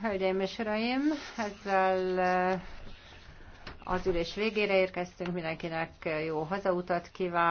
Hölgyeim és Uraim, ezzel eh, az ülés végére érkeztünk, mindenkinek eh, jó hazautat kíván.